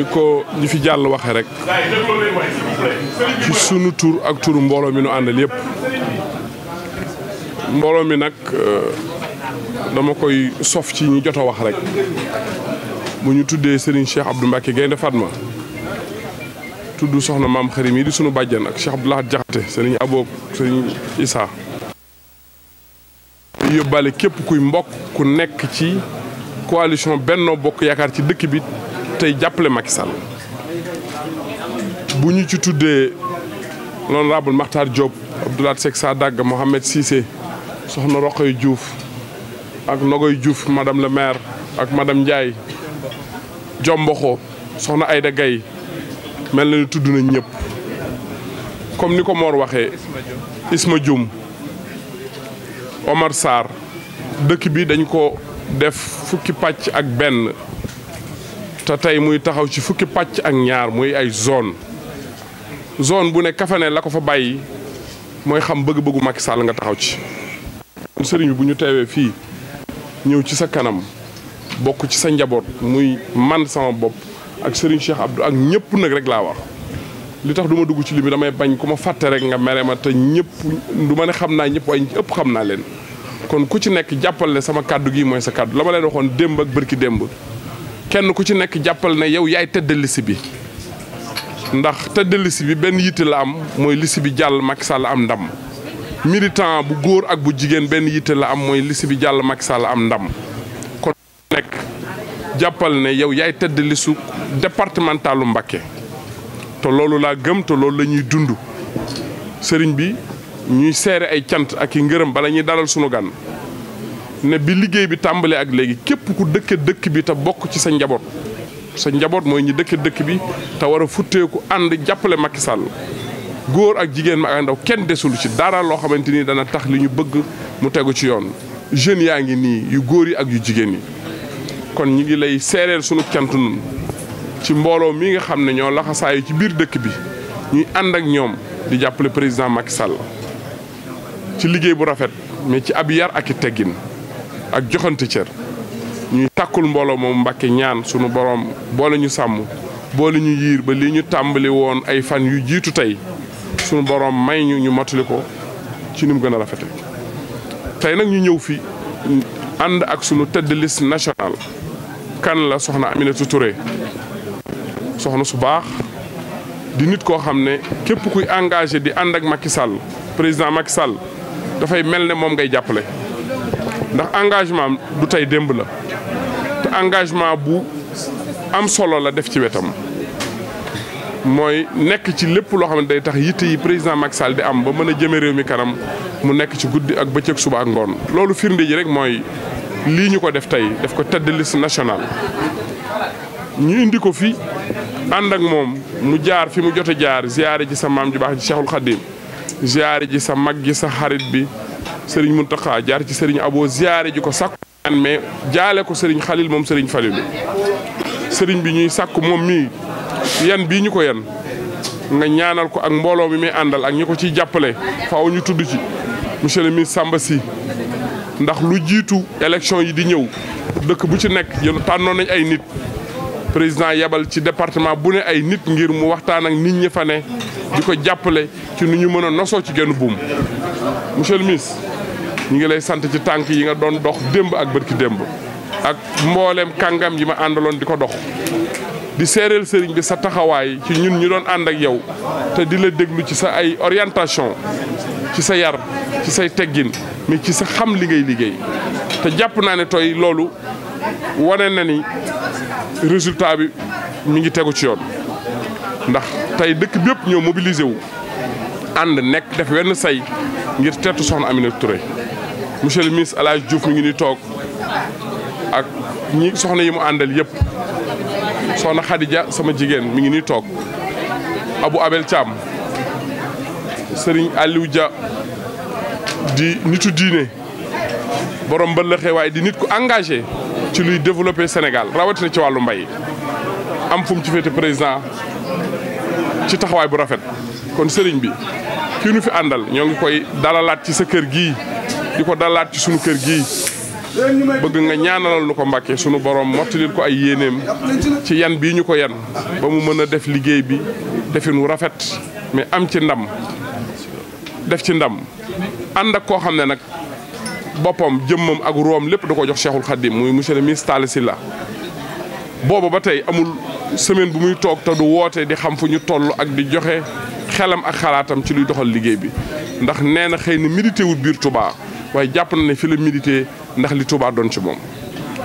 ni ko ñi fi jàll waxee rek ci sunu tur ak turu mbooloo mi nu àndal yëpp mbooloo mi nag euh, dama koy sof ci ñi jot a wax rek bu ñu tuddee sëriñ Cheikh Abdou Mbacke Gaynde Fatma tudd soxna maam xarim yi di sunu bàjjan ak Cheikh Abdoulaye Diakhaté Serigne Aboog Serigne Issa yóbbaale képp kuy mbokk ku nekk ci coalition Benno Bokk Yaakaar ci dëkk bi tey jàppale Macky Sall bu ñu ci tuddee l'honorable Makhtar Diop Abdoulaye Seck Sadaga Mohamed Cissé soxna Roqoy Diouf ak Nogoy Diouf madame le maire ak madame njaay Jomboxo soxna Ayda Gaye mel na ni tudd nañ ñëpp comme ni ko Mor waxee Isma Dioum Omar Sarr dëkk bi dañ ko def fukki pàcc ak benn te tey muy taxaw ci fukki pàcc ak ñaar muy ay zone zone bu ne Kafene la ko fa bàyyi mooy xam bëgg-bëggu Macky Sall nga taxaw ci. sëriñ bi bu ñu teewee fii ñëw ci sa kanam bokk ci sa njaboot muy man sama bopp ak sëriñ Cheikh Abdou ak ñëpp nag rek laa wax. li tax du ma dugg ci li bi damay bañ ku ma fàtte rek nga mere ma te ñëpp du ma ne xam naa ñëpp waaye ëpp xam naa leen kon ku ci nekk jàppale sama kàddu gi mooy sa kàddu la ma leen waxoon démb ak bërki démb kenn ku ci nekk jàppal na yow yaay tëdd liste bi ndax tëdd liste bi benn yitte la am mooy liste bi jàll Macky Sall am ndam militant bu góor ak bu jigéen benn yitte la am mooy liste bi jàll Macky Sall am ndam kon nekk jàppal na yow yaay tëdd listu départementalu Mbacké te loolu laa gëm te loolu lañuy ñuy dund sëriñ bi ñuy seere ay cant ak i ngërëm bala ñuy dalal sunu gan ne bi liggéey bi tàmbalee ak léegi képp ku dëkke dëkk bi te bokk ci sa njaboot sa njaboot mooy ñi dëkke dëkk bi te war a futteeku ànd jàppale Macky Sall góor ak jigéen ma ak ndaw kenn desul ci dara loo xamante ni dana tax li ñu bëgg mu tegu ci yoon jeunes yaa ngi nii yu góor yi ak yu jigéen yi kon ñu ngi lay seereel sunu cant nun ci mbooloo mii nga xam ne ñoo laxasaayu ci biir dëkk bi ñuy ànd ak ñoom di jàppale président Macky Sall ci liggéey bu rafet ci ab yar ak i teggin ak joxante cër ñuy takkul mbooloo moom Mbàkke ñaan sunu borom boole ñu sàmm boole ñu yiir ba lii ñu tàmbali woon ay fan yu jiitu tey sunu borom may ñu ñu mottali ko ci ni mu gën a rafete tey nag ñu ñëw fi ànd ak sunu tëdd liste national kan la soxna Aminata Touré soxna su baax di nit koo xam ne képp kuy engagé di ànd ak Macky sàll président Macky Sall dafay mel ne moom ngay jàppale ndax engagement du tey démb la te engagement bu am solo la def ci wetam mooy nekk ci lépp loo xam ne day tax yitte yi président mag Sall di am ba mën a jëme réew mi kanam mu nekk ci guddi ak bëccëg suba ak ngoon. loolu firnde ji rek mooy lii ñu ko def tey def ko tête de national ñu indi ko fi ànd ak moom mu jaar fi mu jot jaar ziare ji sa maam ju baax ji Cheikhul Khadim ziare ji sa mag ji sa xarit bi. sëriñ Muntaxa jaar ci sëriñ aboo ziyaare ji ko sàkku ñaan mais jaale ko sëriñ Xalil moom sëriñ Falilu sëriñ bi ñuy sàkku moom mii yan bii ñu ko yenn nga ñaanal ko ak mbooloo mi muy àndal ak ñu ko ciy jàppale faaw ñu tudd ci monsieur le ministre Samba Sy ndax lu jiitu élection yi di ñëw dëkk bu ci nekk yéen tànnoon nañ ay nit président yebal ci département bu ne ay nit ngir mu waxtaan ak nit ñi fa ne di ko jàppale ci nu ñu mën a nosoo ci genn buum monsieur le ñu ngi lay sant ci tànk yi nga doon dox démb ak bërki démb ak mbooleem kàngam yi ma àndaloon di ko dox di seereel sëriñ bi sa taxawaay ci ñun ñu doon ànd ak yow te di la déglu ci sa ay orientation ci sa yar ci say teggin mais ci sa xam liggéey liggéey te jàpp naa ne tooy loolu wane na ni résultat bi mi ngi tegu ci yoon ndax tey dëkk bépp ñoo mobilisé wu ànd nekk def wenn say ngir teetu soxna Aminata Touré monsieur le ministre El Hadj mi ngi ni toog ak ñi soxna yi mu àndal yëpp soxna Khadija sama jigéen mi ngi ni toog Abou Abel Thiam sëriñ Aliou ja di nitu diine borom mbëllëxee waaye di nit ku engage ci luy développer Sénégal rawatina ci wàllu mbay am fu ci féete président ci taxawaay bu rafet kon sëriñ bi kii nu fi àndal ñoo ngi koy dalalaat ci sa kër gii. di ko dalaat ci sunu kër gi bëgg nga ñaanalal nu ko Mbàkke sunu borom mottalil ko ay yéeneem ci yan bii ñu ko yan ba mu mën a def liggéey bi defin wu rafet mais am ci ndam def ci ndam ànd ak koo xam ne nag boppam jëmmam ak room lépp da ko jox Cheikhul Khadim muy monsieur le ministre la booba ba tey amul semaine bu muy toog te du woote di xam fu ñu toll ak di joxe xelam ak xalaatam ci luy doxal liggéey bi ndax nee na xëy na milité biir Touba waaye jàpp na ne fi la ndax li Touba doon ci moom.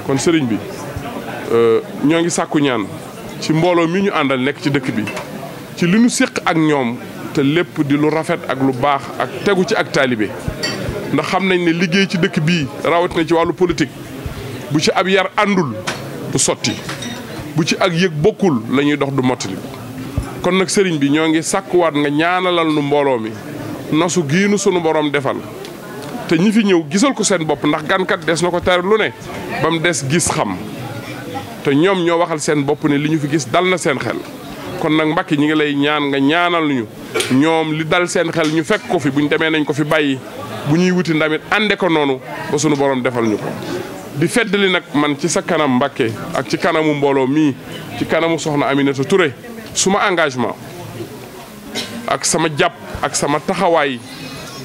kon sëriñ bi euh, ñoo ngi sàkku ñaan ci mbooloo mi ñu àndal nekk ci dëkk bi ci li ñu siq ak ñoom te lépp di lu rafet ak lu baax ak tegu ci ak taalibe ndax xam nañ ne liggéey ci dëkk bii rawatina ci wàllu politique bu ci ab yar àndul du sotti bu ci ak yëg bokkul la dox du mottali kon nag sëriñ bi ñoo ngi sàkkuwaat nga ñaanalal nu mbooloo mi nosu giinu sunu borom defal te ñi fi ñëw gisal ko seen bopp ndax gankat des na ko teer lu ne ba mu des gis xam te ñoom ñoo waxal seen bopp ne li ñu fi gis dal na seen xel kon nag Mbàkke ñi ngi lay ñaan nga ñaanal ñu ñoom li dal seen xel ñu fekk ko fi bu ñu demee nañ ko fi bàyyi bu ñuy wuti ndamit ànde ko noonu ba sunu borom defal ñu ko di feddali nag man ci sa kanam Mbàkke ak ci kanamu mbooloo mii ci kanamu soxna Aminata Touré suma engagement ak sama jàpp ak sama taxawaay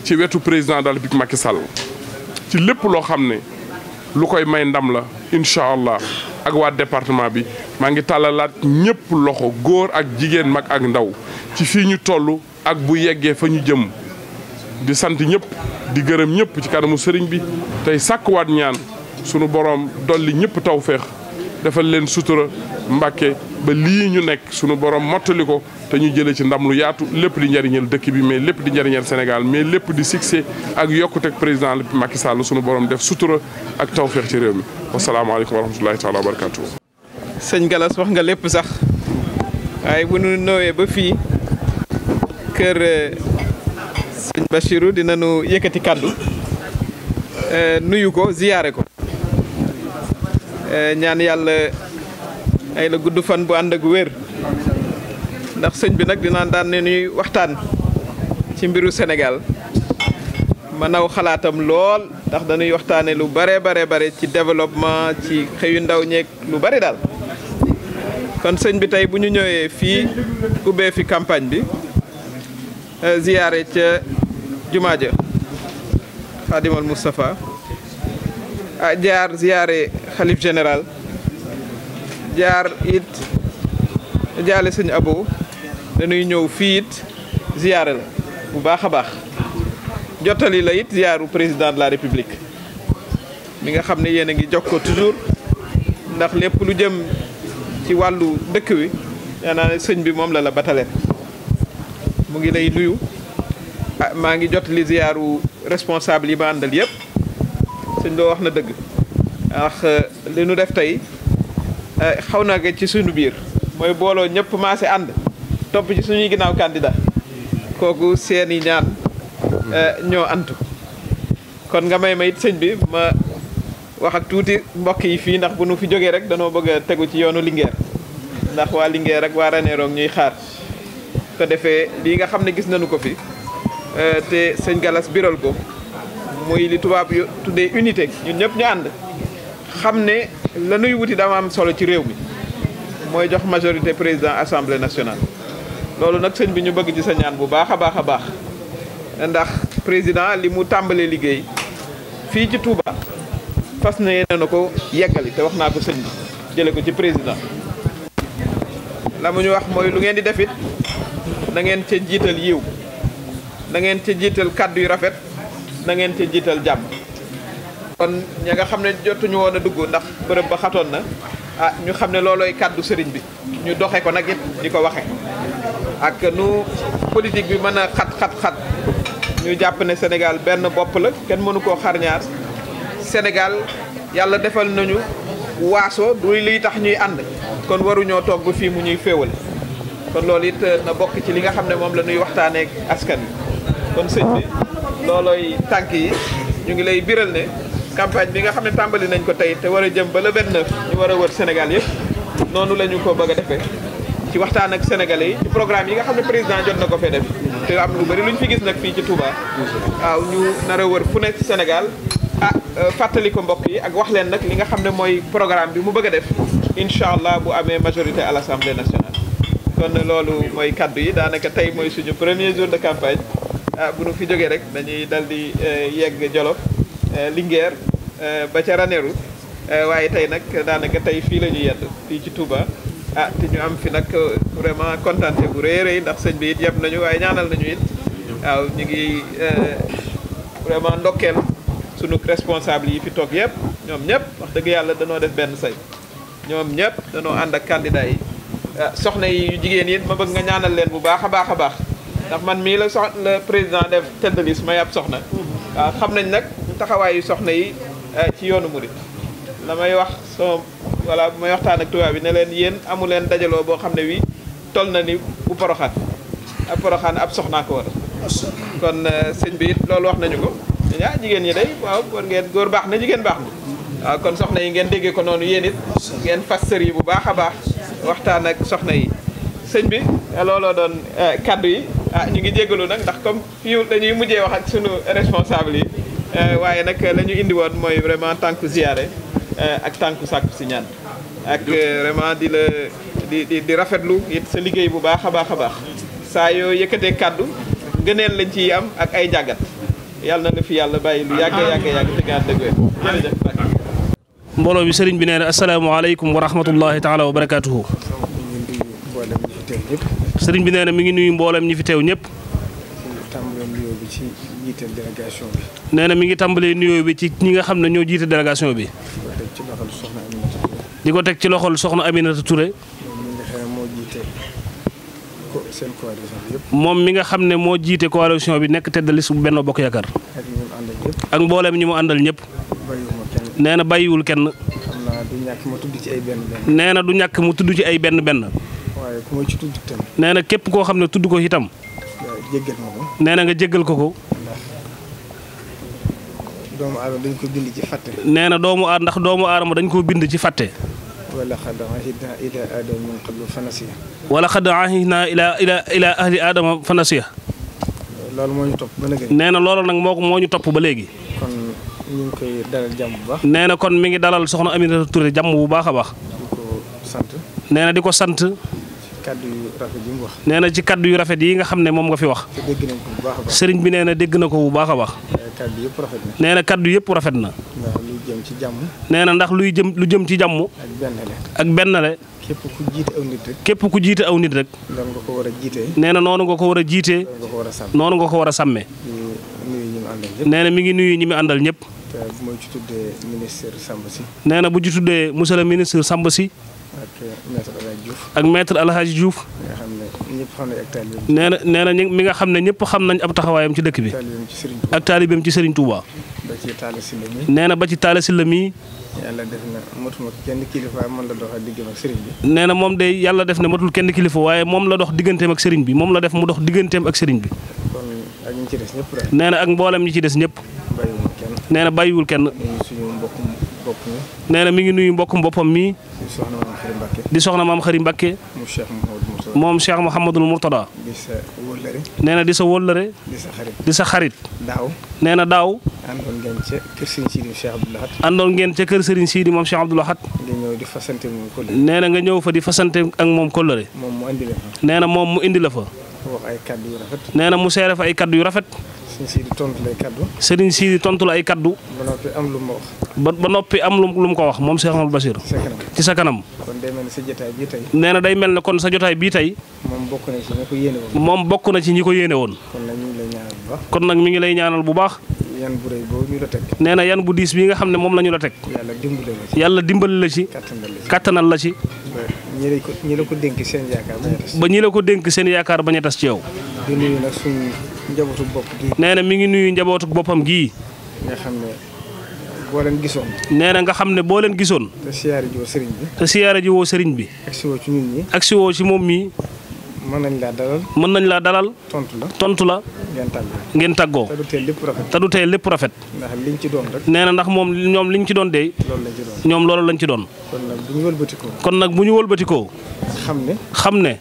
ci wetu président de la République Macky Sall ci lépp loo xam ne lu koy may ndam la incha allah ak waa département bi maa ngi tàllalaat ñëpp loxo góor ak jigéen mag ak ndaw ci fii ñu toll ak bu yeggee fa ñu jëm di sant ñëpp di gërëm ñëpp ci kanamu sëriñ bi tey sàkkuwaat ñaan sunu borom dolli ñëpp taw féex defal leen sutura Mbàkke ba lii ñu nekk sunu borom mottali ko te ñu jëlee ci ndam lu yaatu lépp di njariñal dëkk bi mais lépp di njariñal Sénégal mais lépp di succès ak yokkuteg président Macky Sall sunu borom def sutura ak tawféex ci réew mi wasalaamaaleykum wa rahmatulahi taala wa barakaatu. sëñ Galas wax nga lépp sax waaye bu nu noowee ba fii kër euh, sëñ Bachirou dina nu yëkkati kàddu euh, nuyu ko ziyaare ko. Eh, ñaan yàlla ay la gudd fan bu ànd ak wér ndax sëñ bi nag dinaan daan ne ñuy waxtaan ci mbiru senegal ma naw xalaatam lool ndax dañuy waxtaane lu bare bare bare ci développement ci xëyu ndaw ñeeg lu bari daal kon sëñ bi tey bu ñu ñëwee fii ubbee fi campagne bi eh, ziyaare ca jumaa ja Xaadimal Moustapha a ah, jaar ziyaare xalif général jaar it jaale sëñ abo dañuy ñëw fii it ziyaare la bu baax a baax jotali la it ziyaaru président de la république mi nga xam ne yéen a ngi jox ko toujours ndax lépp lu jëm ci wàllu dëkk wi yaanaa sëñ bi moom la la bataleen mu ngi lay nuyu ah, maa ngi jottali ziyaaru responsable yi ma àndal yëpp sëñ doo wax na dëgg ndax eh, li nu def tey eh, xaw na ci suñu biir mooy booloo ñëpp maase ànd topp ci suñuy ginnaaw candidat kooku seeni ñaan eh, ñoo antu kon nga may ma it sëñ bi ma wax ak tuuti mbokk yi fii ndax bu nu fi jógee rek danoo bëgg a tegu ci yoonu Linguère ndax waa Linguère ak waa Ranérou ñuy xaar ko defee lii nga xam ne gis nañu ko fi te sëñ Galas biral ko muy li tubaab yu tuddee unité ñun ñëpp ñu ànd xam ne la wuti dama am solo ci réew mi mooy jox majorité président assemblée nationale. loolu nag sëñ bi ñu bëgg ci sa ñaan bu baax a baax a baax ndax président li mu tàmbalee liggéey fii ci Touba fas na yéene na ko yekkali te wax naa ko sëñ bi jële ko ci président. la mu ñu wax mooy lu ngeen di defit na ngeen ca jiital yiw na ngeen ca jiital kàddu yu rafet na ngeen ca jiital jàmm. kon ña nga xam ne jotuñu woon a dugg ndax bërëb ba xatoon na ah ñu xam ne loolooy kàddu sëriñ bi ñu doxe ko nag it di ko waxe ak nu politique bi mën a xat xat xat ñu jàpp ne Sénégal benn bopp la kenn mënu koo xarñaar Sénégal yàlla defal nañu waaso du liy tax ñuy ànd kon waruñoo toog ba fii mu ñuy féewale kon loolu it eh, na bokk ci li nga xam ne moom la ñuy waxtaanee askan wi kon sëñ loolooy tànk yi ñu ngi lay biral ne campagne bi nga xam ne tàmbali nañ ko tey te war a jëm bala le 29 ñu war a wër Sénégal yëpp noonu la ñu ko bëgg a defee ci waxtaan ak sénégalais yi ci programme yi nga xam ne président jot na ko fee def te am lu bari lu ñu fi gis nag fii ci Touba waaw ñu nar a wër fu nekk Sénégal ah euh, fàttali ko mbokk yi ak wax leen nag li nga xam ne mooy programme bi mu bëgg a def incha allah bu amee majorité à l'Assemblée nationale kon loolu mooy kaddu yi daanaka tey mooy suñu premier jour de campagne ah, bu nu fi jógee rek dañuy dal di euh, yegg Jolof Eh, Linguère eh, ba ca Ranérou eh, waaye tey nag daanaka tey fii lañu ñu fii ci Touba ah te ñu am fi nag vraiment contenté bu rëy rëy ndax sëñ bi it yeb nañu waaye ñaanal nañu it waaw ñu ngi vraiment ndokkeel sunu responsable yi fi toog yëpp ñoom ñëpp wax dëgg yàlla danoo def benn say ñoom ñëpp danoo ànd ak candidat yi ah, soxna yi yu jigéen yi ma bëgg nga ñaanal leen bu baax a baax a baax ndax man mii la sox la président def tedd liste may ab soxna ah, nañ nag taxawaayu soxna yi eh, ci yoonu murit la damay wax sama voilà bu may waxtaan ak tubaab bi ne leen yéen amu leen dajaloo boo xam ne wii toll na ni bu poroxaan ab poroxaan ab soxnaa ko war kon eh, sëñ bi it loolu wax nañu ko ah jigéen ñi day waaw war ngeen góor baax na jigéen baax na waaw kon soxna yi ngeen déggee ko noonu yéen it ngeen fas sër yi bu baax a baax waxtaan ak soxna yi sëñ bi eh, looloo doon kàddu yi ah ñu ngi jéggalu nag ndax comme fii dañuy mujjee wax ak sunu responsable yi Euh, waaye nag lañu ñu indi woon mooy vraiment tànku ziyaare euh, ak tànku sàkku si ñaan ak euh, vraiment di la di di di rafetlu it sa liggéey bu baax a baax a baax saa yooy yëkkatee kàddu ngëneel lañ ci am ak ay njàngat yàlla na la fi yàlla bàyyi lu yàgg yàgg yàgg te ngaa dëgg jërëjëf mbooloo bi sëriñ bi nee na asalaamaaleykum wa rahmatullahi taala wa barakaatuhu sëriñ bi nee na mi ngi nuyu mboolem ñi fi teew ñëpp. nee na mi ngi tàmbalee nuyoo bi ci ñi nga xam ne ñoo jiite délégation bi. di ko teg ci loxol soxna Aminata Touré. moom mi nga xam ne moo jiite coalition bi nekk tête de liste bu Benno Bokk Yaakaar. ak mboolem ñi mu àndal ñëpp. nee na bàyyiwul kenn. nee na du ñàkk mu tudd ci ay benn benn. nee na képp koo xam ne tudd ko itam. nee na nga jéggal ko ko. doomu aadama dañ ko bind ci fàtte. nee na doomu aadama doomu aadama dañ koo bind ci fàtte. wala xad ahidna ila aadama min qablu wala xad ahidna ila ila ila ahli aadama fanasiya. loolu moo ñu topp ba léegi. nee na loolu nag moo ko moo ñu topp ba léegi. kon ñu ngi na kon mu ngi dalal soxna Aminata Touré jàmm bu baax a baax. di ko sant. nee di ko sant. kaddu nee na ci kaddu yu rafet yi nga xam ne moom nga fi wax. sëriñ bi nee na dégg na ko bu baax a baax. Eh, kaddu nee na kaddu yépp rafet na. ndax ci jàmm. nee na ndax luy jëm lu jëm ci jàmm. ak benn le. képp ku jiite aw nit rek. képp noonu nga ko war a jiitee. noonu nga ko war a jiitee. noonu nga ko war a sàmmee. nee na mi ngi nuyu ñi mu àndal ñépp te bu ci tuddee ministre Samba Sy. nee na bu ci tuddee monsieur le Samba Sy. ak maître El Hadj Diouf. ak maître El Hadj na nee mi nga xam ne ñëpp xam nañ ab taxawaayam ci dëkk bi. ak ci Serigne Touba. ba ci Talla Sylla nee na ba ci Talla Sylla mii. yàlla def na matuma kenn kilifa man la dox diggante ak sëriñ nee na moom de yàlla def na matul kenn kilifa waaye moom la dox digganteem ak sëriñ bi moom la def mu dox digganteem ak sëriñ bi. kon ak ci des nee na ak mboolem ñi ci des ñëpp. nee na bàyyiwul kenn. nee na mi ngi nuyu mbokkum boppam mii. di soxna maam xari Mbacke. moom Cheikh Mouhamadul Mourtada. nee na di sa wóllëre. di sa xarit. nee na daaw. àndoon ngeen ca kër Serigne Sidi Cheikh Abdoul Ahad. àndoon ngeen ca kër Serigne Sidi moom Cheikh Abdoul Ahad. nee na nga ñëw fa di fasante ak moom kóllëre. nee na moom mu indi la fa. nee na mu seere fa ay kaddu yu rafet. sëriñ si di tontu lay kaddu. sëriñ si di tontu la ay kaddu. ba noppi am lu mu lu ko wax moom Cheikh Amadou Bassir. ci sa kanam. kon day mel ne sa jotaay bii tey. nee na day mel ne kon sa jotaay bii tey. moom bokk na ci ñi ko yéene moom bokk na ci ñi ko yéene woon. kon nag mi ngi lay ñaanal bu baax. kon nag mi ngi lay ñaanal bu baax. yan bu rëy boobu ñu nee na yan bu diis bii nga xam ne moom la ñu la teg. yàlla dimbali la ci. yàlla dimbali la ci. kattanal la ci. ba ñi la ko dénk seen yaakaar bañ a tas ci yow. di nuyu nag suñu njabootu bopp gii. nee na mi ngi nuyu njabootu boppam gii. nga xam ne boo leen gisoon. nee nga xam ne boo leen gisoon. te siyaare ji woo sëriñ bi. te siyaare ji woo bi. agsi woo ci nit ñi. agsi woo moom mii. mën nañ laa dalal. mën nañ laa dalal. tontu la tontu la. ngeen tàggoo ngeen tàggoo. te du tee lépp rafet. te lépp rafet. ndax ci doon rek. nee na ndax moom ñoom liñ ci doon dee. loolu lañ ci doon ñoom loolu lañ ci doon. kon nag bu ñu wëlbatikoo. xam ne xam ne.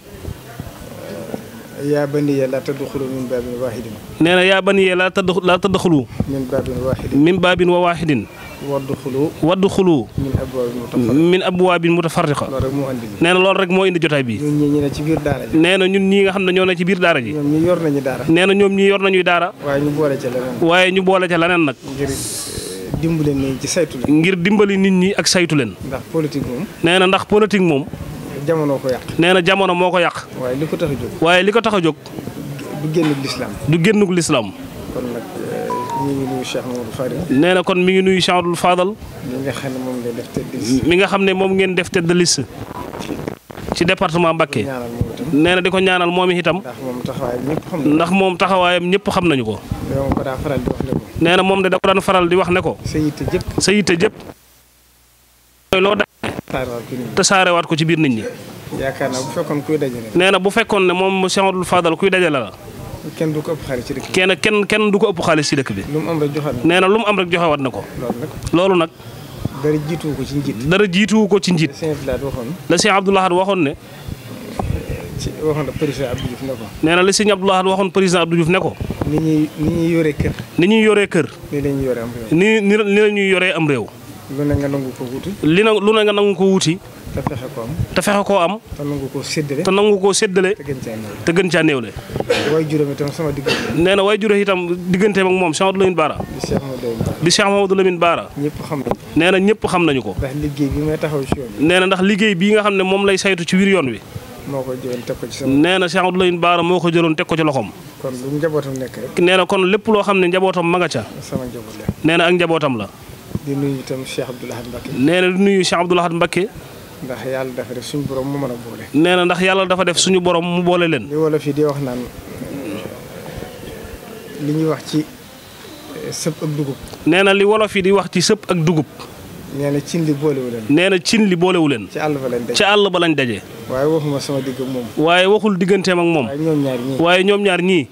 yaa baniya laa tadxulu min baabin waaxidin. nee na yaa baniya laa tadxulu laa tadxulu. min baabin waaxidin. min baabin wa waaxidin. wadxulu. wadxulu. min abwaabin mutafarriqa. min abwaabin mutafarriqa. loolu rek moo indi. nee na loolu moo indi jotaay bi. ñun ñii ñu ñun ñii nga xam ne ñoo ne ci biir daara ji. ñoom ñii yor nañu daara. nee na ñoom ñii yor nañuy daara. waaye ñu boole ca leneen. waaye ñu boole ca leneen nag. Eh, dimbali nit ñi ci saytu leen. ngir dimbali nit ñi ak saytu leen. ndax politique moom. nee ndax politique moom. jamono ko yàq. na jamono moo ko yàq. waaye li ko tax a jóg. waaye li ko tax a jóg. du génnug lislaam. du génnug lislaam. kon nag eh, nee na kon mi ngi nuyu Cheikh Mamadou Fadal. mi nga xam ne moom ngeen def tête de liste. mi nga xam ci département Mbacké. nee na di ko ñaanal moom itam. ndax moom taxawaayam ñëpp xam nañu ko. nee moom de da daan faral di wax ne ko. sa yitte jëpp. sa yitte jëpp. tasaarewaat ko ci biir nit ñi. yaakaar naa bu fekkoon kuy dajale. nee na bu fekkoon ne moom Cheikh Abdoul Fadal kuy dajale la. kenn du ko ëpp xaalis ci dëkk bi. kenn kenn kenn du ko ëpp xaalis ci dëkk bi. lu mu am rek joxe na nee na lu mu na ko. loolu nag. dara jiituwu ko ci njiit. dara jiituwu ko ci njiit. la Cheikh Abdoul Ahad waxoon ne. ci waxoon na président Abdou Diouf ne ko. nee na la Sëñ Abdoul Ahad waxoon président Abdou Diouf ne ko. ni ñuy ni yoree kër. ni ñuy yoree kër. ni la ñuy ni ni la ñuy yoree am réew. lu ne nga nangu ko wuti. li na lu ne nga nangu ko wuti. te fexe koo am. te fexe koo am. te nangu koo séddale. te nangu koo séddale. te gën caa néewle te gën caa néewle. waay juróom itam nee na waay itam digganteem ak moom Cheikh Amadou Lamine Bara. di Cheikh Amadou Lamine Bara. di Cheikh Amadou xam nañu nee na ñëpp xam nañu ko. liggéey bi may taxaw ci yoon nee na ndax liggéey bii nga xam ne moom lay saytu ci biir yoon wi. moo ko jëloon teg ko ci sama. nee na Cheikh moo ko jëloon teg ko ci loxoom. kon lu njabootam nekk nee na kon lépp loo xam ne njabootam ma nga ca. sama njaboot la. nee na ak njabootam la di nuyu itam Cheikh Abdoul Ahad Mbacké. nuyu Cheikh Abdoul Ahad Mbacké. yàlla dafa def suñu borom mu mën a boole. nee ndax yàlla dafa def suñu borom boole leen. li wolof yi di wax naan ñuy wax ci sëpp ak dugub. nee na li wolof yi di wax ci sëpp ak dugub. nee na cin li boolewu leen. nee na cin li boolewu leen. ci àll ba lañ daje ci àll ba lañ waaye waxuma sama digg moom. waaye waxul digganteem moom. waaye ñoom ñaar ñii. waaye ñoom ñaar ñii.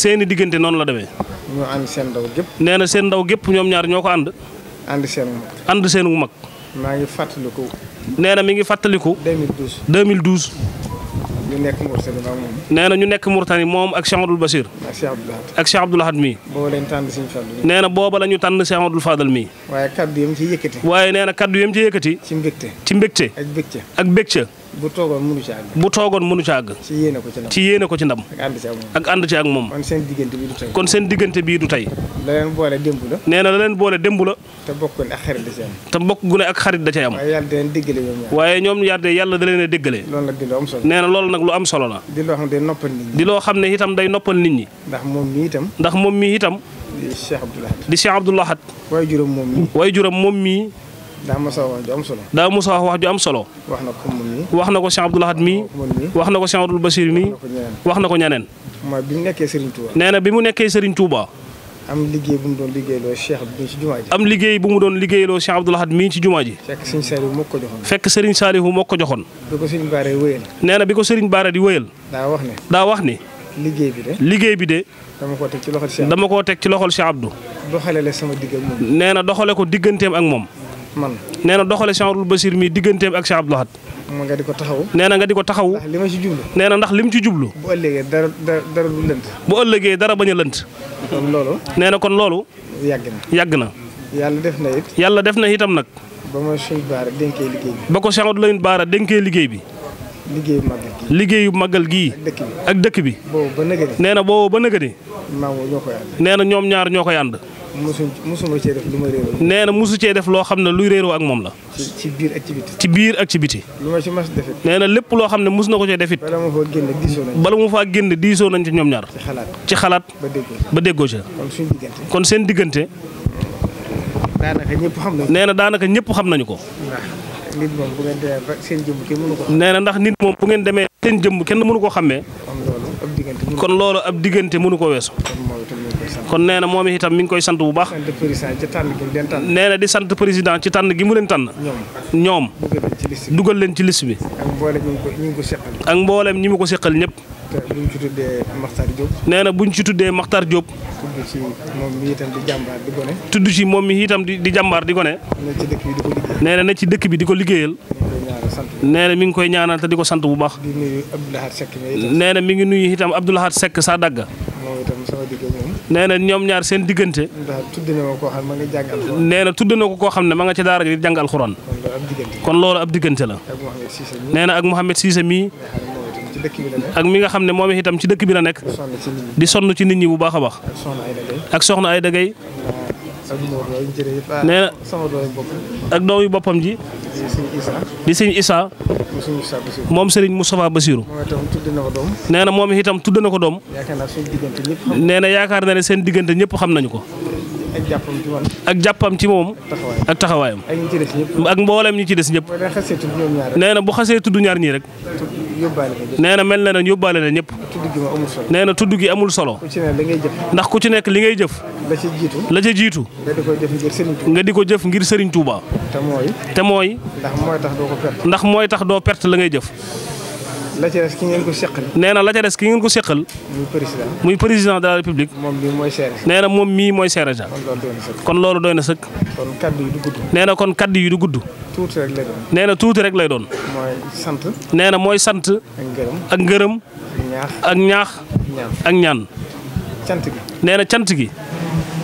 seen i diggante noonu la demee. seen ñoo ànd seen ndaw gépp nee na seen ndaw gépp ñoom ñaar ko ànd. ànd seen mag. seen wu mag. maa ngi fàttaliku. nee na mi ngi fàttaliku. 2012 2012. ñu nekk Mourtani ba moom. na ñu nekk Mourtani moom ak Cheikh Abdoul Bachir. ak Cheikh Abdoul Ahad. ak Cheikh Abdoul Ahad mii. booba nee na booba la ñu tànn Cheikh Abdoul Fadal mii. waaye kaddu yam ci yëkkati. waaye nee na kaddu yem ci yëkkati. ci ci mbégte. ak bégte ak bu toogoon mënu ci àgg. bu toogoon mënu ci àgg. ci yéene ko ci ndam ci yéene ko ci ndam. ak ànd ci ak moom kon seen diggante bii du tey. kon la leen boole démb la. te da am. te bokk gu ne ak xarit da cee am. waaye yàlla da leen déggale ñoom ñaar. waaye ñoom ñaar de yàlla da leen a déggale. loolu nag di nag lu am solo la. di loo xam ne day noppal nit ñi. di loo xam ne itam day noppal nit ñi. ndax moom mii itam. ndax moom mii itam. di Cheikh Abdoul Ahad. di Cheikh Abdoul waaye juróom moom mii daa mos a wax ju am solo. daa na ko moom wax na ko Cheikh Abdoul Ahad wax na ko Cheikh Abdoul Bachir wax na ko ñeneen. mooy bi nekkee Serigne Touba. nee na bi mu nekkee Serigne Touba. am liggéey bu mu doon liggéeyloo Cheikh bi ci jumaa bu mu doon liggéeyloo Cheikh Abdoul Ahad mii ci jumaa ji. fekk Serigne Saliou moo ko bi ko Serigne Bara di wéyal. daa wax ne. daa wax bi de. liggéey bi de. dama koo teg ci loxol Cheikh Abdou. dama koo teg ci loxol Cheikh Abdou. doxale la sama diggante nee na doxale ko digganteem ak moom. man nee na doxale Cheikh Abdoul Bachir mii digganteem ak Cheikh nga di ko taxaw. nee na nga di ko taxaw. ndax li ma ci jublu. nee na ndax lim ci jublu. bu ëllëgee dara dara du lënt. bu dara bañ a lënt. kon loolu. nee na kon loolu. yàgg na yàgg na. yàlla def na yàlla def na itam nag. ba ma Cheikh Baara ba ko Cheikh Abdoul Ahad Baara dénkee liggéey bi. liggéeyu màggal gii. liggéeyu màggal ak dëkk bi ak dëkk bi. boobu ba nëgëri. nee na boobu ba nee na ñoom ñaar ñoo koy ànd musu musuma cee def lu musu cee def loo xam ne luy réeroo ak moom la. ci biir activité. ci biir activité. lu ma ci na lépp loo xam ne mus na ko cee defit. bala ma faa génn diisoo nañ. bala ma faa génn diisoo nañ ci ñoom ñaar. ci xalaat ci xalaat. ba déggoo ba déggoo ca. kon kon seen diggante. daanaka ñëpp xam nañu nee na daanaka ñëpp xam nañu ko. nit moom bu ngeen demee ba seen jëmm kenn mënu ko xam. nee na ndax nit moom bu ngeen demee seen jëmm kenn mënu ko xàmmee. kon loolu ab diggante mënu ko weesu. kon nee moom itam mi ngi koy sant bu baax. nee di sant président ci tànn gi mu leen tànn. ñoom dugal leen ci liste bi. ak mboolem ñi mu ko seqal ñëpp. te bu ñu ci tuddee Makhtar Diop. nee na bu ñu ci tuddee Makhtar Diop. tudd ci moom mi itam di jàmbaar di gone. tudd di jàmbaar di gone. ne ci dëkk bi di ko liggéeyal. nee ne na mi ngi koy ñaanal te di ko sant bu baax. di nuyu Abdou Lahad Seck. nee na mi ngi nuyu itam Abdou Lahad Seck saa dagga. nee na ñoom ñaar seen diggante. nee na tudd na ko koo xam ne ma nga ci daara ji di jàng alxuraan. kon loolu ab diggante la. nee ak Mouhamed Cissé mii. ak mi nga xam ne moom itam ci dëkk bi la nekk. di sonn ci nit ñi bu baax a baax. ak soxna ay dagay nee ah, ak doom yu boppam ji. di sëñ Issa. moom Serigne Moustapha Bassirou. nee na moom itam tudd na ko doom. nee na yaakaar na ne seen diggante ñëpp xam nañu ko. ak jàppam ci moom. ak jàppam ci moom. ak taxawaayam ak ñi ci des ñëpp. ak mboolem ñi ci des ñëpp. nee na bu xasee tudd ñaar ñii rek. nee na mel na ne yóbbaale na ñëpp. nee na tudd gi amul solo. ndax ku ci nekk li ngay jëf. la ca jiitu. nga di ko jëf ngir Serigne Touba. te mooy. ndax mooy tax doo perte. ndax mooy tax doo perte la ngay jëf. la ca des nee na la ca des ki ngeen ko seqal. muy président muy président de la république. mooy seere. nee na moom mii mooy seere kon loolu doy na sëkk. kon kaddu yi du gudd. nee na kon kaddu yi du gudd. tuuti rek lay nee na tuuti rek lay doon. mooy sant. nee na mooy sant. ak ak ngërëm. ñaax ak ñaan. nee na cant gi.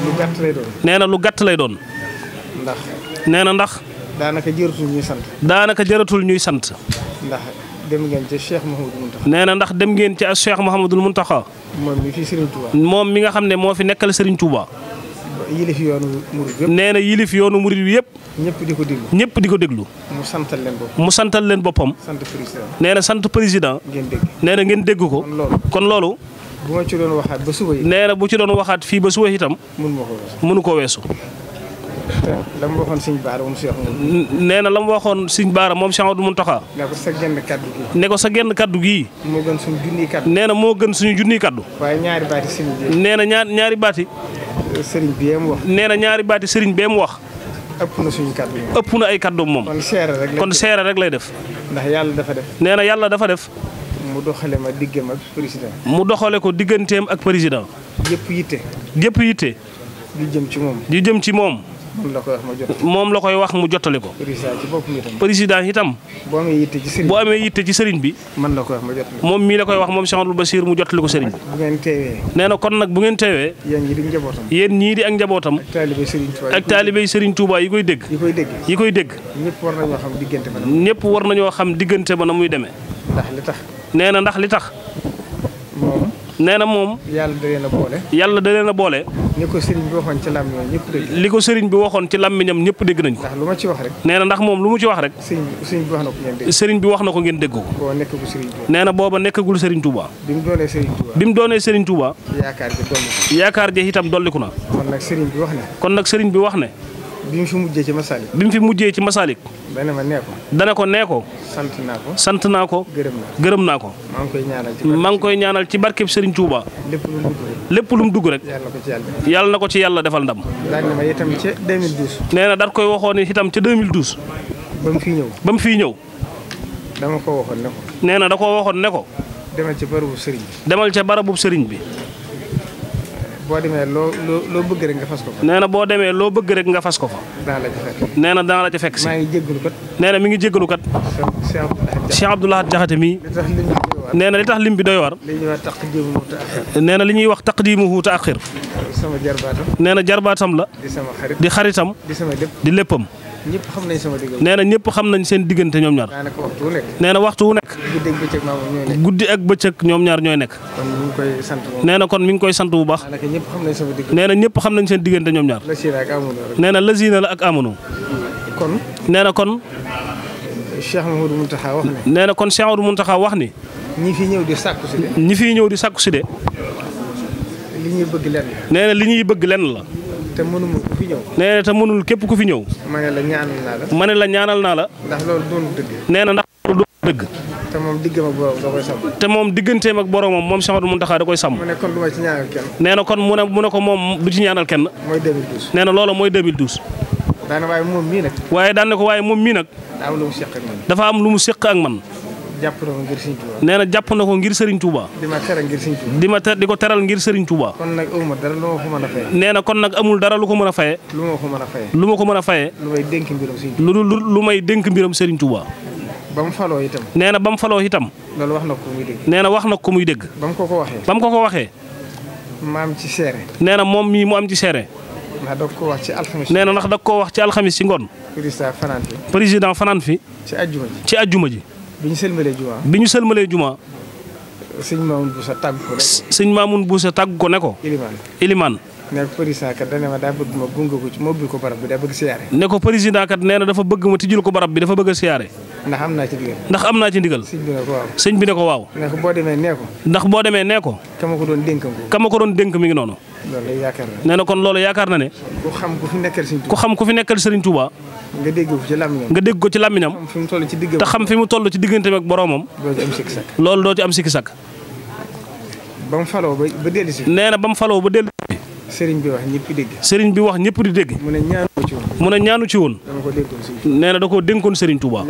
lu gàtt lay doon. nee na lu gàtt lay doon. ndax. na ndax. daanaka jëratul ñuy sant. daanaka jëratul ñuy sant. dem ngeen ca Cheikh Mouhamadul nee na ndax dem ngeen ca Cheikh Mouhamadul Mountakha. moom mi fi Serigne moom mi nga xam ne moo fi nekkal Serigne Touba. yilif yoonu murid yëpp. nee na yilif yoonu murid bi yëpp. ñëpp di ko déglu. ñëpp di ko déglu. mu santal leen boppam. mu santal leen boppam. sant président. nee sant président. ngeen dégg nee ngeen dégg ko. kon loolu. bu ci waxaat ba suba yi. nee bu ci doon waxaat fii ba suba itam. mënu ma ko weesu mënu weesu. la mu waxoon sëñ Baara moom Cheikh nee na la mu waxoon sëñ Baara moom Cheikh Ahmadou Mountakha. ne ko sa genn kaddu gi. ne ko sa genn kaddu gii. moo gën suñu junniy kaddu. nee na moo gën suñu junniy kaddu. waaye ñaari baati sëriñ bi. nee na ñaar ñaari baati. sëriñ bi mu wax. nee na ñaari baati sëriñ bi mu wax. ëpp na suñu kaddu moom. ëpp na ay kaddu moom. kon seere rek lay def kon seere rek lay def. ndax yàlla dafa def. nee na yàlla dafa def. mu doxale ma diggam ak président. mu doxale ko digganteem ak président. yëpp yitte. yëpp yitte. di jëm ci moom. di jëm ci moom. moom la koy wax mu jottali ko. président itam. bu amee yitte ci sëriñ bi bu amee yitte ci sëriñ bi. man la koy ma jottali moom mii la koy wax moom Cheikh Abdoul Bachir mu jottali ko sëriñ bi. bu ngeen teewee. nee kon nag bu ngeen teewee. yéen ñii di njabootam. yéen ñii ak njabootam. ak taalibey sëriñ Touba ak taalibey sëriñ Touba yi koy dégg. yi koy dégg yi koy dégg. ñëpp war nañoo xam diggante ba. ñëpp war nañoo xam diggante ba na muy demee. ndax li tax. na ndax li tax. nee na moom. yàlla da leen na boole. yàlla da leen a boole. li ko sëriñ bi waxoon ci làmmiñam ñëpp dégg li ko sëriñ bi waxoon ci làmmiñam ñëpp dégg nañu. ndax lu ma ci wax rek. nee na ndax moom lu mu ci wax rek. sëriñ bi wax na ko ngeen dégg. sëriñ wax na ko ngeen dégg ko. boo nekkagul sëriñ Touba. nee na booba nekkagul sëriñ Touba. bi mu doonee sëriñ Touba. bi mu doonee sëriñ Touba. yaakaar ja dolliku. yaakaar ja itam dolliku na. kon nag sëriñ bi wax ne. bi mu fi mujjee ci Masalik. bi mu fi mujjee ci Masalik. dana ma nee ko. dana ko nee ko. sant naa ko. sant naa ko. gërëm naa ko gërëm naa ko. maa ngi koy ñaanal ci maa ngi koy ñaanal ci barkeb Serigne Touba. lépp lu dugg rek. lépp lu mu dugg rek. yàlla na ko ci yàlla defal ndam. daan na ma itam nee na daal koy waxoon itam ca 2012. ba mu fiy ñëw ba mu fiy ñëw. dama ko waxoon ne nee na da koo waxoon ne ko. demal ca barabu Serigne demal ca barabu Serigne bi. boo demee loo bëgg rek nga ko nee na boo demee loo bëgg rek nga fas ko fa. dana nee na dana la ci fekk si. maa ngi jégalu nee na mi ngi jégalu kat. Cheikh Abdou Lahad Jaxate mii. nee na li tax lim bi doy war. nee na li ñuy wax taqdimuhu taaxir. nee na jarbaatam la. di xaritam. di léppam. ñëpp xam nañ sama diggante nee na ñëpp xam nañ seen diggante ñoom ñaar. daanaka waxtu wu nekk. nee na waxtu wu nekk. guddi ak bëccëg ñoom ñaar ñooy nekk. kon mi nee na kon mi ngi koy sant bu baax. daanaka ñëpp xam nañ sama diggante. na ñëpp xam nañ seen diggante ñoom ñaar. lasiina ak amono rek. nee na lasiina la ak amono. kon. nee na kon. Cheikh Mamadou Mountakha wax nee na kon Cheikh Mamadou Mountakha wax ni. ñi fi ñëw di sàkku si de. ñi fi ñëw di sàkku si de. li ñuy bëgg li ñuy bëgg lenn la te mënuma ku fi mënul képp ku fi ñëw. ma ne la ñaanal naa la. ma ne la ñaanal naa la. ndax loolu doon dëgg. na ndax loolu doon dëgg. te moom diggam ak borom da moom digganteem ak boromam moom Cheikh Ahmadou Mountakha da koy sàmm. mu ne kon nee na kon mu ne ko moom du ci ñaanal kenn. mooy 2012. nee na loola mooy 2012. daanaka waaye moom mii nag. waaye daanaka waaye moom mii nag. dafa am lu mu seq ak man. jàpp na ko ngir a fayee. a fayee. a fayee. lu ma ba mu faloo itam. nee na wax na ko muy dégg. nee na wax na ko ko ko waxee. ko ma am ci seere. nee na moom ndax da koo wax ci alxamis. da koo wax ci alxamis ci ngoon. président fanaan fi. président ci ajjuma ji. bi ñu sëlmalee juma. bi ñu sëlmalee juma. sëñ Mamoun Boussa tàgg ko ne. sëñ Mamoun tàgg ko ne ko. Ilimane Ilimane. ne ko président kat dana ma daa bëgg ma gunge ko ci ma ko barab bi daa bëgg siyaare. ne ko président kat nee na dafa bëgg ma tijjul ko barab bi dafa bëgg a siyaare. ndax am naa ci ndigal. ndax am naa ci ndigal. sëñ bi ne waaw. sëñ bi ne ko waaw. ne ko boo demee nee ko. ndax boo demee nee ko. ka ma ko doon dénk mi ngi noonu loolu yaakaar na nee na kon loolu yaakaar na ne. ku xam ku fi nekkal Serigne Touba ku xam ku fi nekkal Serigne Touba. nga dégg ko ci làmmiñam nga dégg ko ci làmmiñam. te xam fi mu toll ci digganteem ak boromam. loolu doo ci am sikki sakk. ba mu faloo ba ba dellu si. nee na ba mu faloo ba dellu si. Serigne bi wax ñëpp bi wax ñëpp di dégg. mu ne ñaanu ci woon. mu ne ñaanu ci woon. nee na da koo dénkoon Serigne Touba.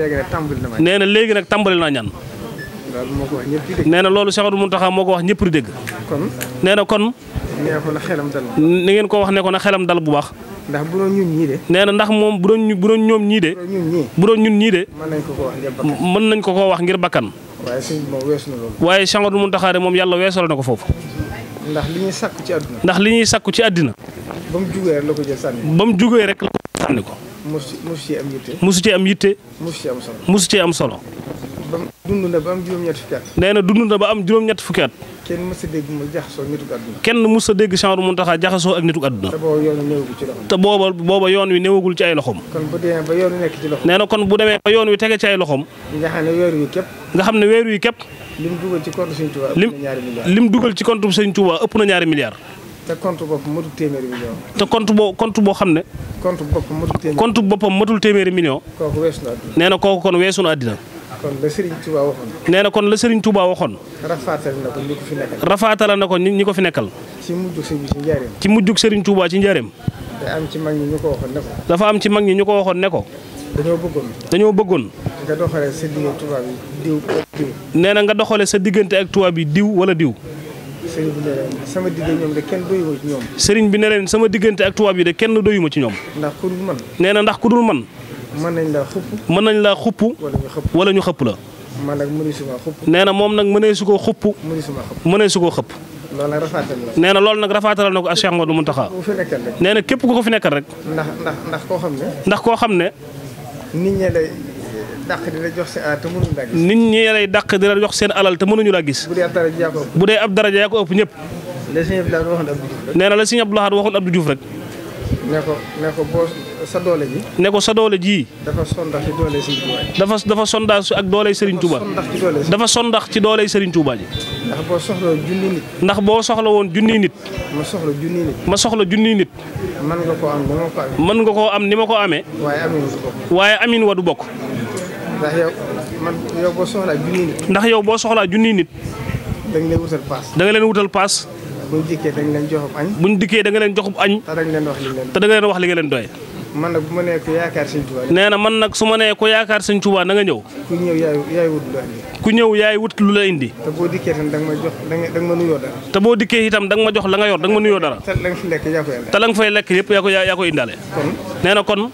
nee na léegi nag tàmbali naa ñaan. nee na loolu Cheikh Mountakha moo ko wax ñëpp di dégg. nee kon ni ngeen ko wax ne ko na xelam dal bu baax. ndax bu ñun ñii de. nee na ndax moom bu doon bu doon ñoom ñii de. bu doon ñun ñii de. mën nañ ko ko wax ngir bakkan ko ko wax ngir bakkan. waaye sëñ bi moom weesu waaye Cheikh Ahmadou Mountakha de moom yàlla weesal na ko foofu. ndax li ñuy sakku ci àddina. ndax li ñuy sakku ci àddina. ba mu jugee rek la ko jël sànni. ba mu jugee rek la ko sànni ko. mosu ci am yitte. mosu ci am yitte. mosu ci am solo. ba mu dund na ba am juróom-ñetti fukki at. nee na dund na ba am juróom-ñetti fukki at. kenn a dégg mu jaxasoo nitug àdduna. kon bu demee ba yoon wi nekk ci loxoom. nee na kon bu demee ba yoon wi tege ci ay loxoom. nga xam ne weer wi képp. lim dugal ci compte na ñaari milliards. lim dugal ci compte Sëñ Tuubaa boo compte xam ne. compte boppam matul téeméeri. compte boppam matul téeméeri million. kooku weesu na àddina. nee na kooku kon weesu na àddina. kon la Serigne Touba waxoon. nee na kon la Serigne Touba waxoon. rafaatale na ko ñi ko fi nekkal. rafaatale na ko ñi ko fi nekkal. ci mujjug Serigne ci njaareem. ci mujjug ci njaareem. am ci mag ñi ñu ko waxoon dafa am ci mag ñi ñu ko waxoon ne bëggoon. dañoo bëggoon. nga doxalee sa diggante Touba bi diw na nga doxalee sa diggante ak Touba diw wala diw. ne leen sama diggante ñoom de kenn bi ne leen sama diggante ak Touba bi de kenn doyuma ci ñoom. ndax ku dul man. nee na ndax ku dul man mën nañ laa xupp. mën nañ laa xupp. wala ñu xëpp la. man nag mëneesu koo xëpp. nee na moom nag mëneesu koo xëpp. mëneesu koo xëpp. loolu nag rafetal na. nee na loolu nag rafetal na ko ak Cheikh Modou Mountakha. nee na képp ku ko fi nekkal rek. ndax koo xam ne. ndax koo xam ne. nit ñee lay daq di jox seen alal te mënuñu laa gis. nit ñi lay dàq di seen alal te mënuñu laa gis. bu dee ab daraja yaa ko ëpp. bu dee ab daraja yaa ñëpp. nee na la sëñ Abdou Lahad waxoon Abdou Diouf rek. nee na la sëñ Abdou Lahad waxoon Abdou rek. sa doole ji. ne ko sa doole ji. dafa sondax ci doole dafa dafa sondax ak doole Serigne Touba. dafa sondax ci doole Serigne Touba ji. ndax boo soxla woon junni nit. ndax boo soxla woon junni nit. ma soxla junni nit. ma soxla junni nit. nga koo am ni ma ko amee. mën nga koo am ni ma ko amee. waaye amin wa du bokk. waaye amin ndax yow man yow boo soxlaa junni nit. ndax yow boo soxlaa junni da nga leen wutal paas. da nga leen wutal paas. buñ dikkee da nga leen joxub añ. buñ dikkee da nga leen te da nga leen wax li nga leen doy. man nag bu ma nee ku yaakaar nee na man nag su ma nee ku yaakaar sëñ Tuubaa na nga ñëw. ku ku ñëw yaay wut lu la indi. te boo dikkee itam ma jox da nga ma nuyoo dara. te boo dikkee itam da ma jox la nga yor da nga ma nuyoo dara. te la nga fi lekk yaa koy indaale. te la kon nee na kon.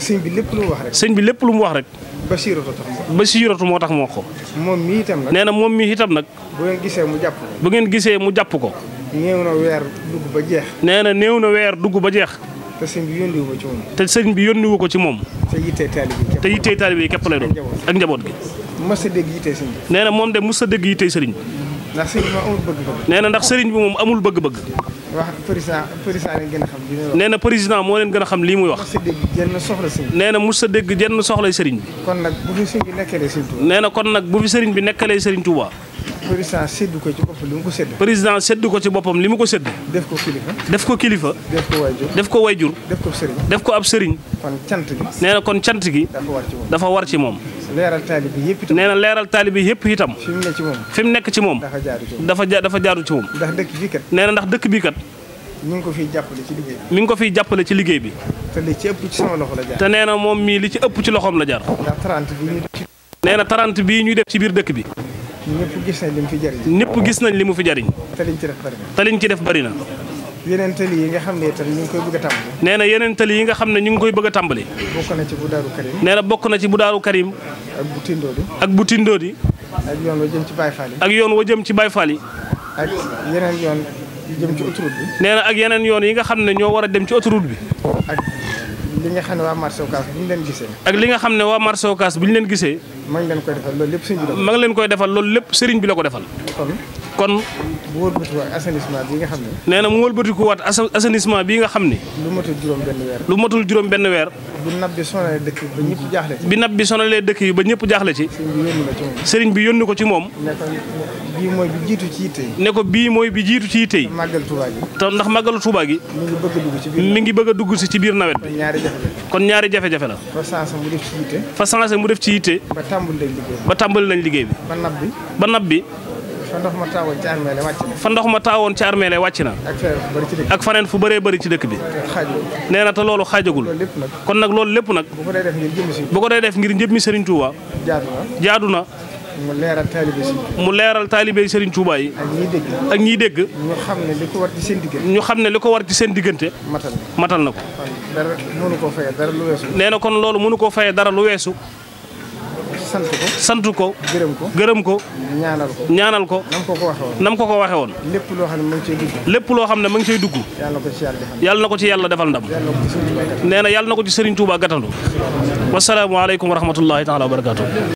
sëñ bi lépp lu mu wax rek. sëñ bi lépp lu mu wax rek. Basiiratu tax moo. Basiiratu moo tax moo ko. moom mii itam nag. nee na moom mii itam nag. bu ngeen gisee mu jàpp ko. bu ngeen gisee mu jàpp ko. néew na weer dugg ba jeex. nee na néew na weer dugg ba jeex. te sëñ bi yónni wu ko ci moom. te sëñ bi yónni képp lay doon ak njaboot gi. mës a dégg yittee sëñ nee na moom de mës a dégg yittee sëriñ bi. ndax nee na ndax sëriñ bi moom amul bëgg-bëgg. wax président président leen gën a xam nee na président moo leen gën a xam lii muy wax. mos a dégg jenn soxla nee na mos a dégg jenn soxla sëriñ kon nag bu fi sëriñ bi nekkalee sëriñ Touba. nee na kon nag bu fi sëriñ bi nekkalee sëriñ Touba. président séddu ko ci boppam li ko sédd. président séddu ko ci boppam li mu ko sédd. def ko kilifa. def ko kilifa. def ko wayjur. def ko wayjur. def ko sëriñ. def ko ab sëriñ. kon cant gi. nee na kon cant gi. dafa war ci moom. leeral taalib bi nee na leeral taalib bi yëpp itam. fi mu nekk ci moom nekk ci moom. dafa jaaru ci moom dafa ja dafa jaaru ci dëkk bii nee na ndax dëkk bii kat. mi ngi ko fiy jàppale ci liggéey bi. ngi ko fiy jàppale ci liggéey bi. te li ci ëpp ci loxo la te nee na moom mii li ci ëpp ci loxoom la jaar. ndax 30 bii nee na 30 bii ñuy def ci biir dëkk bi. ñëpp gis nañ li mu fi jariñ. ñëpp gis nañ li mu fi jariñ. te liñ ci def bari na. yeneen tali yi nga xam ne itam ñu ngi koy bëgg a tàmbali. nee yeneen tali yi nga xam ne ñu ngi koy bëgg a tàmbali. bokk na ci bu Daaru Karim. nee na bokk na ci bu Daaru Karim. ak bu Tindoodi. ak bu ak yoon wa jëm ci Baye Fall yi. ak yoon wa jëm ci Baye Fall yi. ak yeneen yoon yi nee na ak yeneen yoon yi nga xam ne ñoo war a dem ci autoroute bi. ak li nga xam ne waa marché Ocass bu ñu leen gisee. ak li nga xam ne waa marché Ocass bu ñu leen gisee. ma ngi koy defal loolu lépp sëriñ bi la leen koy defal loolu lépp sëriñ bi la ko defal. kon. mu wëlbatikuwaat assainissement bi nga xam ne. nee na mu wëlbatikuwaat assainissement bii nga xam ne. lu matul juróom benn weer. lu matul juróom benn weer. bi nab bi sonalee dëkk yi ba ñëpp bi sonalee dëkk yi ba ñëpp jaaxle ci. sëriñ bi yónni ko ci moom. ne ko bii mooy bi jiitu ci yitte yi. ne ko bii mooy bi jiitu ci yitte yi. màggal ndax màggalu Touba gi. mi ngi bëgg a dugg ci mi ngi bëgg a dugg si ci biir nawet bi. kon ñaari jafe-jafe la. fa sensé mu def ci yitte. fa sensé mu def ci yitte. ba tàmbali lañ liggéey bi. ba tàmbali lañ liggéey bi. ba bi. ba nab bi. fa ndox ma taawoon ci armée la wàcc na. fa ndox ma taawoon ci armée la wàcc na. ak faneen fu bëree bëri ci dëkk bi. nee loolu xaajagul. kon nag loolu lépp nag. bu ko day def ngir njëmmi Serigne Touba. jaadu na. mu leeral taalibe si. mu leeral taalibe Serigne Touba yi. ak ñiy dégg. ak ñiy dégg. ñu xam ne li ko war ci seen diggante. ñu xam ne li ko war ci seen diggante. matal matal na ko. dara mënu koo fayee dara lu weesu. kon loolu mënu koo fayee dara lu weesu. sant ko sant ko. gërëm ko gërëm ko. ñaanal ko ñaanal ko. nam ko ko waxee woon nam ko ko waxee woon. lépp loo xam ne ma ngi cay dugg. lépp ma ngi cay dugg. yàlla na ko ci yàlla defal ndam. nee na yàlla na ko ci Serigne Touba gàttandu. wasalaamualeykum wa rahmatullahi taala wa barakaatu.